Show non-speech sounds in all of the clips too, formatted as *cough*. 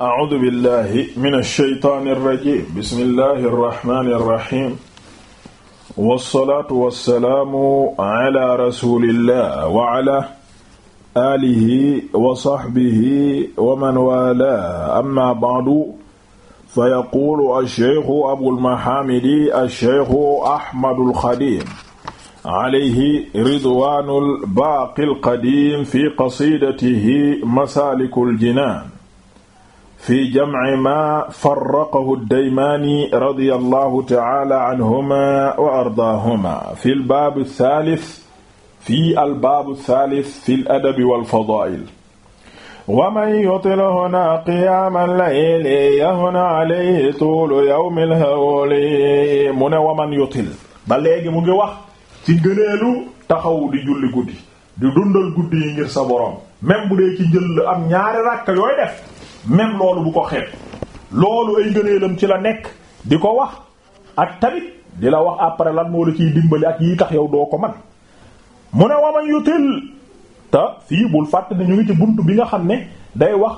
أعوذ بالله من الشيطان الرجيم بسم الله الرحمن الرحيم والصلاة والسلام على رسول الله وعلى آله وصحبه ومن والاه أما بعد فيقول الشيخ أبو المحامد الشيخ أحمد الخليل عليه رضوان الباقي القديم في قصيدته مسالك الجنان fi jamci ma farraqahu daymaani radiyallahu ta'ala anhuma wa ardaahuma fi albaabu thaalith fi albaabu thaalith fi aladabi walfadaa'il wa man yutil huna qiyaama layli yahna alayhi tuulu yawmi lhawli mu ne wa man yutil ba léegi mu ngi wax ci gëneelu taxaw di julli guddi di dundal guddi yi ngir sa boroom même bu dee ci njël am ñaari rakk yooy def même loolu bu ko xeeb loolu ay ngëneelam ci la nekk di ko wax ak tamit di la wax après lan moo la ciy dimbali ak yi tax yow doo ko man mu ne waman yutil te fii bul fàtt ne ñu ngi ci buntu bi nga xam ne day wax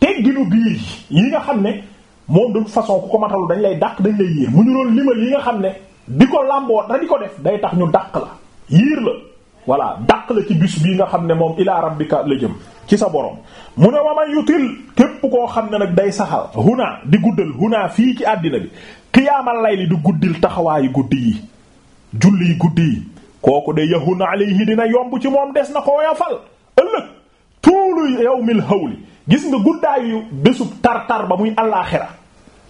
tegginu biir yi nga xam ne moom de façon ku ko matalu dañ lay dàq dañ lay yiir mu ñu doon limal yi nga xam ne di ko làmboo da di ko def day tax ñu dàq la yiir la voilà dàq la ci bis bii nga xam ne moom ilaa rabbika la jëm ci sa borom mu ne wa man yutil képp koo xam ne nag day saxal huna di guddal huna fii ci àddina bi lay layli di guddil taxawaayu guddi yi julli yi guddi yi kooku de yahuna alayhi dina yomb ci moom des na ko woyofal ëllëg tuulu yawmil hawli gis nga guddaayu bésub tar-tar ba muy àllaaxira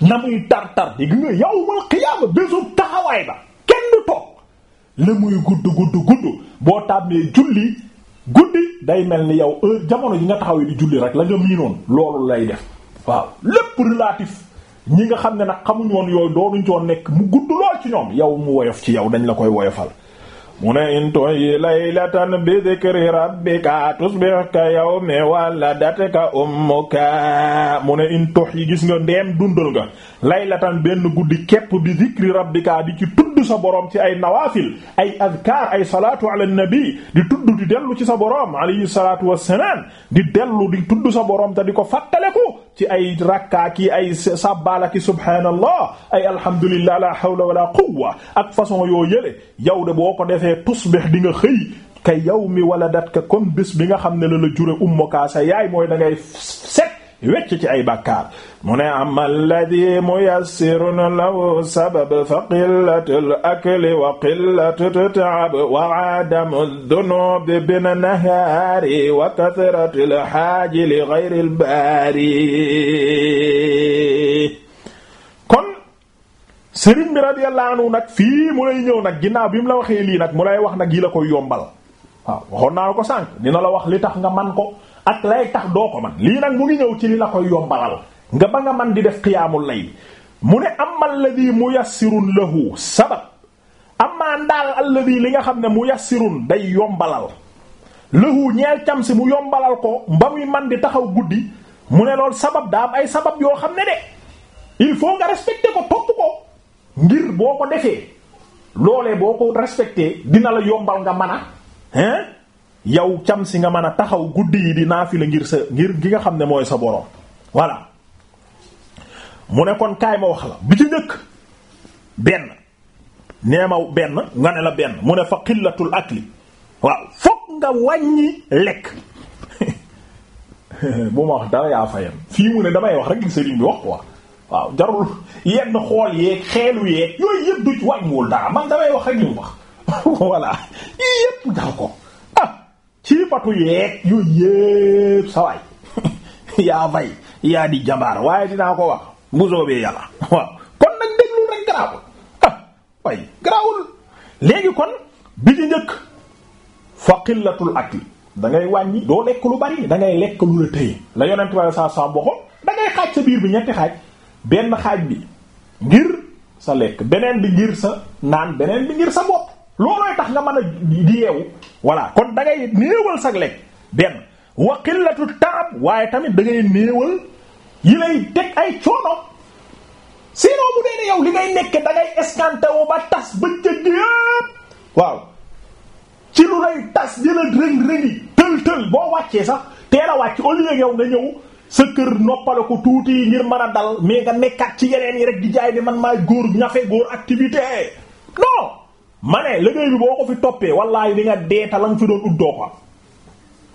na muy tar-tar di nga yawmal qiyaama bésub taxawaay ba kenn du toog muy gudd gudd gudd boo tàmmee julli guddi day mel ni yow heure jamono yi nga taxawee di julli rek la nga miinoon loolu lay def waaw lépp relatif ñi nga xam ne nag xamuñ woon yooyu doonuñ coon nekk mu gudd lool ci ñoom yow mu woyof ci yow dañ la koy woyofal mu ne inton yi laylatan bi dhikri rabbika tusbih ka yawmi waladatka ummuka mu ne intox yi gis nga ndeem dundal nga laylatan benn guddi képp bi dhikri rabbika di ci tudd sa borom ci ay nawaafil ay adkaar ay salaatu ala nabi di tudd di dellu ci sa borom alayhi salaatu wassalaam di dellu di tudd sa borom te di ko fàttaleku ci ay rakkaa ay sàbbaala ki subhaanallah ay alhamdulillah la hawla wala quwwa ak façon yoo yële yow de boo ko defee tusbih di nga xëy ka yawmi waladatka comme bés bi nga xam ne la la jure ummuka sa yaay mooy da ngay wecc ci ay bàkkaar mu ne ama alladi muyassirun lahu sabab fa qillatul akli wa qillatu taab wa aadamu dunubi bin nahaari wa kathratul haaji li ghayril baari kon sëriñ bi radiyallahu anhu nag fii mu lay ñëw nag ginnaaw bi mu la waxee lii nag mu lay wax nag yi la koy yombal waaw waxoon naa ko sànq dina la wax li tax nga man ko ak lay tax doo ko man lii nag mu ngi ñëw ci li la koy yombalal nga ba nga man di def xiyaamul lay mu ne amma alladhi muyassirun lahu sabab amma ndaal alladhi li nga xam ne mu muyassirun day yombalal lahu ñeel cam si mu yombalal ko mba muy man di taxaw guddi mu ne lool sabab daa am ay sabab yoo xam ne de il faut nga respecter ko topp ko ngir boo ko defee loolee boo ko respecté dina la yombal nga mën a hein yow cam si nga mën a taxaw guddi yi di la ngir sa ngir gi nga xam ne mooy sa borom voilà mu ne kon kaay ma wax la bi ci njëkk benn nee ma benn nga ne la benn mu ne fa xillatul akli waaw fokk nga wàññi lekk *laughs* bu ma wax dara yaa fayam fii mu ne damay wax rek li sëriñ bi wax quoi waaw jarul yenn xool yeeg xeelu yeeg yooyu yëpp du ci wàññiwul dara man damay wax rek li mu wax *laughs* voilà yii ko siifatu yeeg yooyu yépp sawaay *laughs* yaa fay yaa di jambaar waaye dinaa ko wax bu soobee yàlla *laughs* waaw kon nag déglul rek garaawul *laughs* ah way garaawul léegi kon bi di njëkk fa qillatul akli da ngay wàññi doo lekk lu bari da lekk lu la tëye la yonent wala sa sa boxo da xaaj sa biir bi ñetti xaaj benn xaaj bi ngir sa lekk beneen bi ngir sa naan beneen bi ngir sa bopp loolooy tax nga man a di yeewu voilà kon da ngay néewal sag lekk benn wa qillatu taab waaye tamit da ngay néewal yi lay teg ay coono sinon bu dee ne yow li ngay nekk da ngay escanté wu ba tas ba njëkk yëpp waaw ci lu lay tas jëla rëng-rëngi tël tël boo wàccee sax teel a wàcc au lieu yow nga ñëw sa kër noppale ko tuuti ngir mën a dal mais nga nekkaat ci yeneen yi rek di jaay ne man maay góor ñafe góor activité non ma ne liggéey bi boo ko fi toppee wallaahi di nga deeta la nga fi doon uddoo ko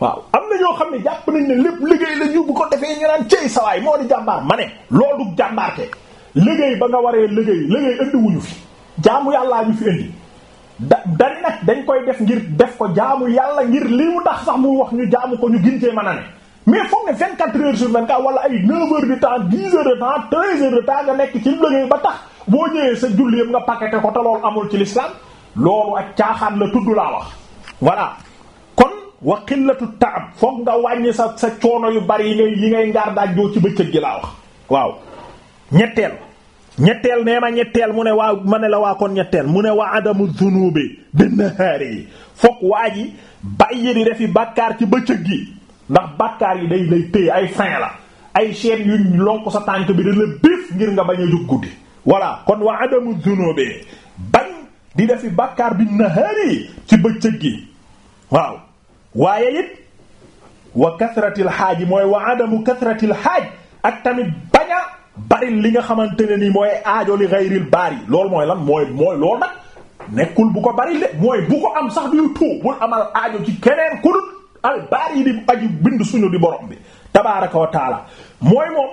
waaw am na ñoo xam ne jàpp nañ ne lépp liggéey la ñu bu ko defee ñu naan cey sawaay moo di jàmbaar ma ne loolu du jàmbaarte liggéey ba nga waree liggéey liggéey indiwuñu fi jaamu yàllaa ñu fi indi da dari dañ koy def ngir def ko jaamu yàlla ngir li mu tax sax mu wax ñu jaamu ko ñu gintee mën a ne mais foog ne 24 heures sur 24 wala ay 9 heures de temps 10 heures de nekk ci liggéey ba tax boo ñëwee sa julli nga paqueté ko te loolu amul ci l'islam loolu ak caaxaan la tudd laa wax voilà kon wa qillatu taab foog nga wàññi sa sa coono yu bari yi ngay yi ngay ngaar ci bëccëg gi laa wax waaw ñetteel ñetteel nee ma ñetteel mu ne waa ma ne la waa kon ñetteel mu ne waa adamu zunubi binnahaari yi foog waa ji bàyyi di defi bàkkaar ci bëccëg gi ndax bàkkaar yi day lay téye ay fin la ay chaîne yu lonk sa tànk bi da la ngir nga bañ a jóg guddi voilà kon waa adamu zunubi bañ di defi bàkkaar bi nahaari ci bëccëg gi waaw waaye it wa kasratil xaaj mooy wa adamu kasratil xaaj ak tamit bañ a bari li nga xamante ne ni mooy aajo li gayril baari loolu mooy lan mooy mooy loolu nag nekkul bu ko bari le mooy bu ko am sax du tuub bul amal aajo ci keneen ku dul al di aju bind suñu di borom bi tabaaraka wa mooy moom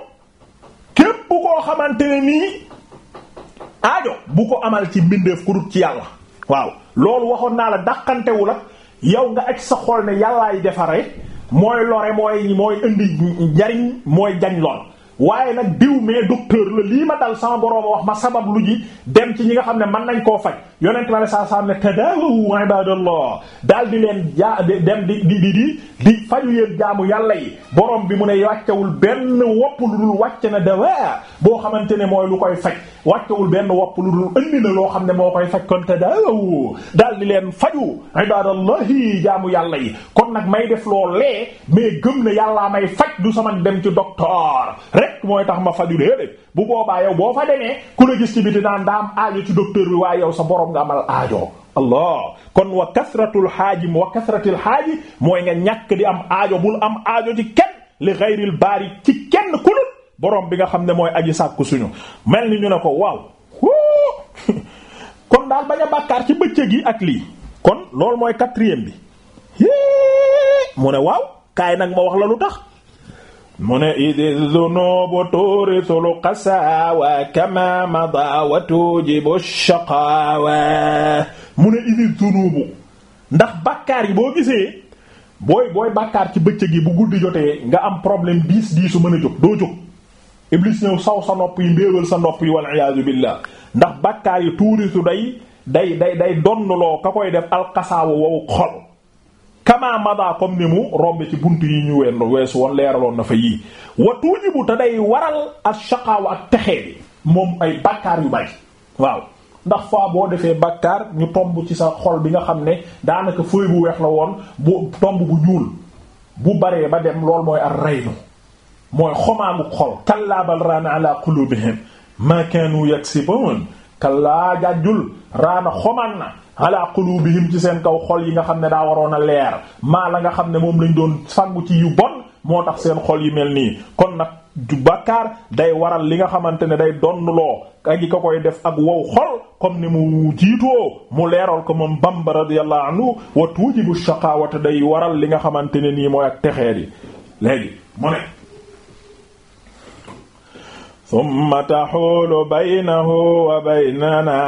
képp koo xamante nii. aajo bu ko amal ci mbindeef ku ci yàlla waaw loolu waxoon naa la dàqantewul ak yow nga aj sa xool ne yàllaay defare mooy lore mooy mooy indi njariñ mooy jañ lool waaye nag diw mais docteur la lii ma dal sama borom wax ma sabab lu ji dem ci ñi nga xam ne man nañ koo faj yonent bi saa saa ne tadaawu ibadallah daal di leen jaa dem di di di di faju yéen jaamu yàlla yi borom bi mu ne wàccewul benn wopp lu dul wàcc na dawaa boo xamante ne mooy lu koy faj wàccewul benn wopp lu loo xam ne moo koy faj kon tadaawu daal di leen faju ibadallahi jaamu yàlla yi kon nag may def loolee mais gëm na yàllaa may faj du sama dem ci docteur rek mooy tax ma faju déedéet bu boobaa yow boo fa demee ku la gis ci biti naan daa am aajo ci docteur bi waaye yow sa boroom nga amal aajo allah kon wa kasratul xaaji wa kasratil xaaji mooy nga ñàkk di am aajo bul am aajo ci kenn li gayril baari ci kenn ku dul bi nga xam ne mooy aji sàkk suñu mel ni ñu ne ko waaw *laughs* kon daal bañ a bàkkaar ci bëccëg yi ak lii kon loolu mooy quatrième bi mu ne waaw kaay nag ma wax la lu tax mu ne idi zunubu tuurisul qasaawa kama mada wa tujibu shaqaawa mu ne idi zunubu ndax bàkkaar yi boo gisee booy booy bàkkaar ci bëccëg yi bu guddi jotee nga am problème diis diisu mën a jóg doo jóg iblis ñëw saw sa nopp yi mbéewal sa nopp yi wal iyaazu billah ndax bàkkaar yi tuurisu day day day day donnloo koy def alxasaawa wow xol kamaa mada comme ni mu rombe ci bunt yi ñu wenn weesu woon leeraloon na fa yii wa tuujibu te day waral ak shaqaaw ak texe bi moom ay bàkkaar yu bari waaw ndax fois boo defee bàkkaar ñu tomb ci sa xol bi nga xam ne daanaka feuille bu weex la woon bu tomb bu ñuul bu baree ba dem lool mooy ar raynu mooy xomaagu xol kallaa bal raana ala qulubihim ma kanu yaksibun kallaa jàjjul raana xomaan na ala qulubihim ci seen kaw xol yi nga xam ne daa waroon a leer maa la nga xam ne moom lañ doon sangu ci yu bon moo tax seen xol yi mel nii kon nag ju bàkkaar day waral li nga xamante ne day donnloo ak yi ko koy def ak wow xol comme ni mu jiitoo mu leeral ko moom Bamba radiyallahu anhu wa tuujibu shaqawata day waral li nga xamante ne nii mooy ak texee yi léegi mu ne summa taxoolu baynahu wa baynana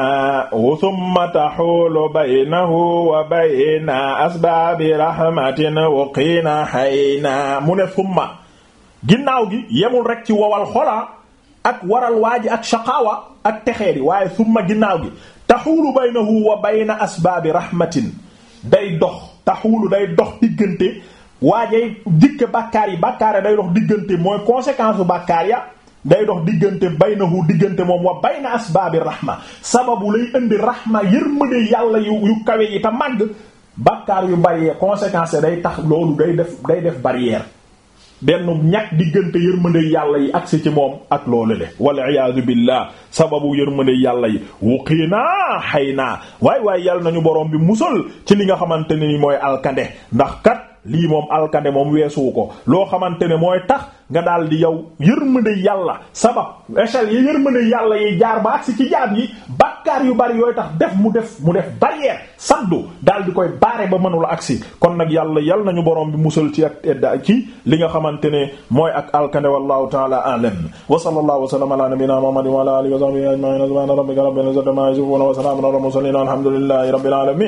summa taxoolu baynahu wa bayna asbaabi rahmatin wuqiina xayna mu ne summa ginnaaw gi yemul rek ci wowal xolaa ak waral waaji ak shaqaawa ak texeeri waaye summa ginnaaw gi taxuulu baynahu wa bayna asbaabi rahmatin day dox taxuulu day dox diggante waajay dikk bàkkaar yi bàkkaar ya day dox diggante mooy conséquence bu bàkkaar ya day dox diggante baynahu diggante moom wa bayna asbaabi rahma sababu lay indi rahma yërmande yàlla yu yu kawe yi te màgg bàkkaar yu bari conséquence day tax loolu day def day def barrière benn ñàkk diggante yërmande yàlla yi agsi ci moom ak loolu le wal iyaadu billah sababu yërmande yàlla yi wuqiinaa xay naa waaye waaye yàlla nañu borom bi musal ci li nga xamante ni mooy alkande ndax kat lii moom alkande moom weesuwu ko loo xamante ne mooy tax nga daal di yow yërmande yàlla sabab échelle yi yërmande yàlla yi jaar ba agsi ci jaam yi bakkaar yu bari yooyu tax def mu def mu saddu daal di koy baare ba mënula agsi kon nag yàlla yal nañu borom bi musal ci ak edda ci li nga xamante ne mooy ak alkande wallahu taala alam wa sallallahu wa sallama ala nabiyyina muhammadin wa a alihi wa sahbihi ajma'in subhana rabbika rabbil izzati amma yasifun wa alamin